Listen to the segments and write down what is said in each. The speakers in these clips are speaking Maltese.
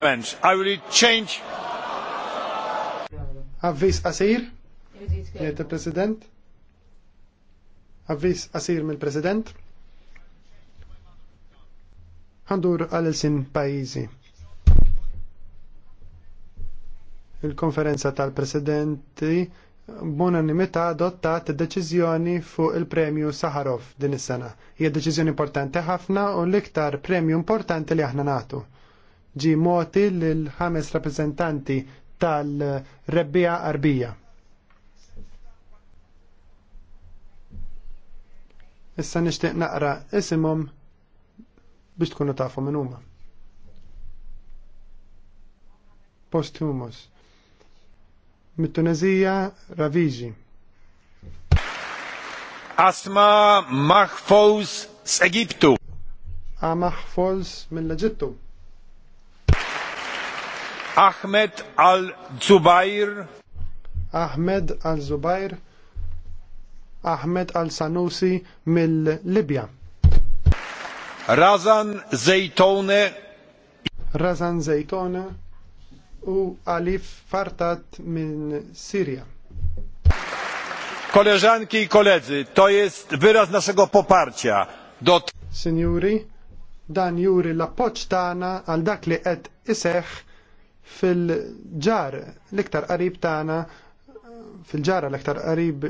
I will change. Avvis qasir? Jgħid il-President? Avvis qasir mill-President? Għandur għal-sin pajizi. Il-konferenza tal-Presidenti b'unanimità adottat deċiżjoni fuq il-premju Saharov din is-sena. Hija deċiżjoni importanti ħafna u l-iktar premju importanti li aħna nagħtu ġi moti l-ħames rappresentanti tal-rebbija Arbija. Issa nixtieq naqra isimhom biex tkunu tafu minn huma. Posthumus. Mit-Tunezija Raviji. Asma Mahfouz s-Egiptu. A Mahfouz mill-Eġittu. Ahmed Al-Zubair. Ahmed Al-Zubair. Ahmed Al-Sanusi mill-Libja. Razan Zejtone. Razan Zejtone u Alif Fartat minn Sirja. Koleżanki i koledzy, to jest wyraz naszego poparcia do... Signori, dan juri la appoċ tagħna għal dak li qed iseħħ fil-ġar l-iktar qarib tagħna fil-ġara l-aktar qarib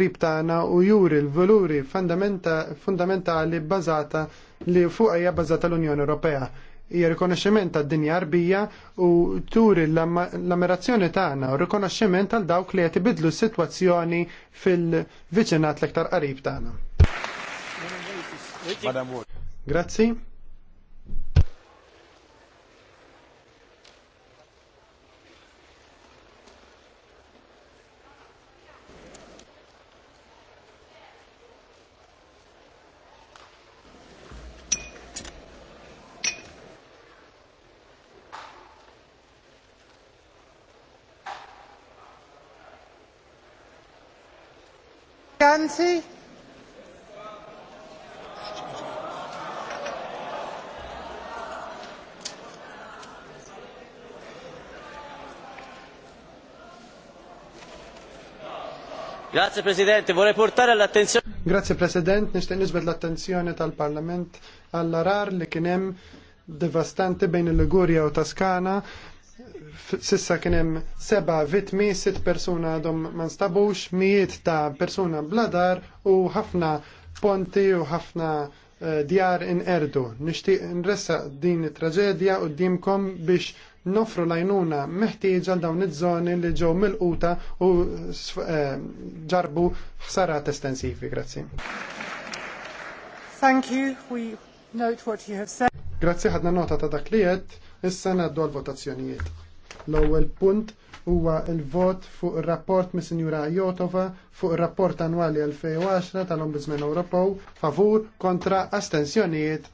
rib tagħna u juri l-valuri fundamentali bazata li fuq hija bazata l-Unjoni Ewropea. Hija rikonoxximent tad-dinja arbija u turi l-ammirazzjoni tagħna u rikonoxximent għal dawk li qed ibidlu s-sitwazzjoni fil-viċinat l-aktar qarib tagħna. Grazzi. Danzi? Grazie Presidente, vorrei portare all'attenzione. Grazie Presidente, nishtiq nisbet l'attenzione tal-Parlament għall-arar li kien hemm bejn il-Ligurja u Taskana Sissa kien hemm seba' vittmi, sitt persuna għadhom ma nstabux, mijiet ta' persuna bladar u ħafna ponti u ħafna eh, djar erdu. Nixtieq nressa din it-traġedja qudiemkom biex nofru lajnuna meħtieġa dawn iż-żoni li ġew milquta u eh, ġarbu ħsarat estensivi. Grazzi. Thank you. We note what you have said. Grazzi ħadna nota ta' dak li qed, issa ngħaddu għall-votazzjonijiet. L-ewwel punt huwa l-vot fuq ir-rapport mis Sinjura Jotova fuq ir-rapport annwali 2010 tal-Ombudsman Ewropew favur kontra astensjonijiet